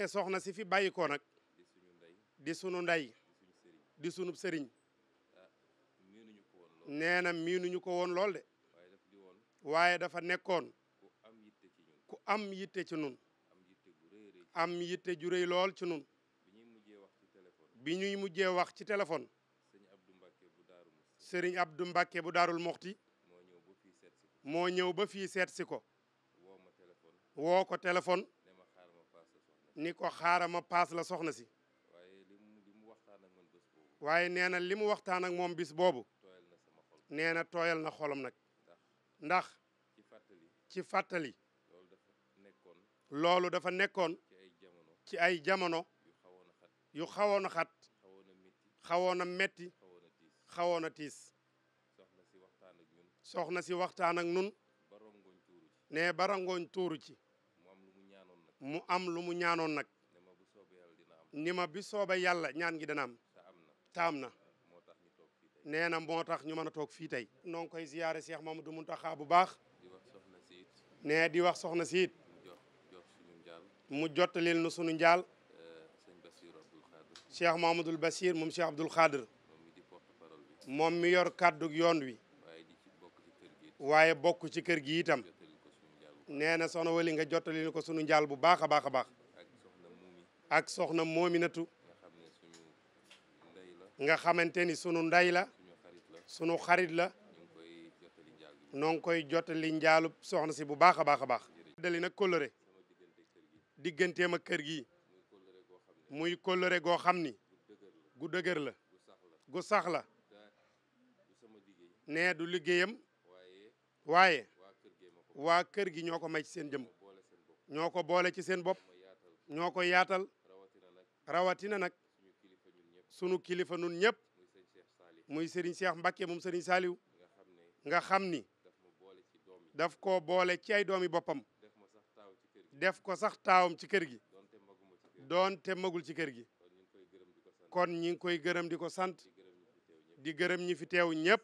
fekkee soxna si fi bàyyi ko nag di sunu ndey di suñu sëriñ ah, nee na miinuñu ko woon lool de waaye dafa nekkoon ku am yitte ci nun am yitte ju réy lool ci nun bi ñuy mujjee wax ci téléphone sëriñ Abdou Mbacke bu Daarul Moxti moo ñëw ba fii seet si ko woo téléphone ni ko xaarama paas la soxna si waaye nee na li mu waxtaan ak moom bis boobu nee na tooyal na xolam nag ndax ci fàttali loolu dafa nekkoon ci ay jamono yu xawoon a xat xawoon a metti xawoon a tiis soxna si waxtaan ak ñun ne ba tuuru ci mu am lu mu ñaanoon nag ni ma bi sooba yàlla ñaan gi dana am taam na nee na moo tax ñu mën a toog fii tey noo ngi koy ziyaare Cheikh Mamadou Muntaxa bu baax nee di wax soxna siit mu jottalil nu sunu njaal Cheikh Mamadou Bassir moom Cheikh Abdoul Khadir moom mi yor kàddug yoon wi waaye bokk ci kër gi itam nee na soxna wali nga jottali ko sunu njaal bu baax a baax a baax ak soxna moominatu nga xamante ni sunu nday la sunu xarit la noo ngi koy jottali njaalu soxna si bu baax a baax a baax dali nag kóllëre digganteem kër gi muy kóllëre goo xam ni gu dëgër la gu sax la nee du liggéeyam waaye waa kër gi ñoo ko may ci seen jëmm ñoo ko boole ci seen bopp ñoo ko yaatal rawatina nag sunu kilifa nun ñëpp muy Serigne Cheikh Mbacke moom Serigne Saliou nga xam ni daf ko boole ci ay doomi boppam def ko sax taawam ci kër gi doonte magul ci kër gi kon ñi ngi koy gërëm di ko sant di gërëm ñi fi teew ñëpp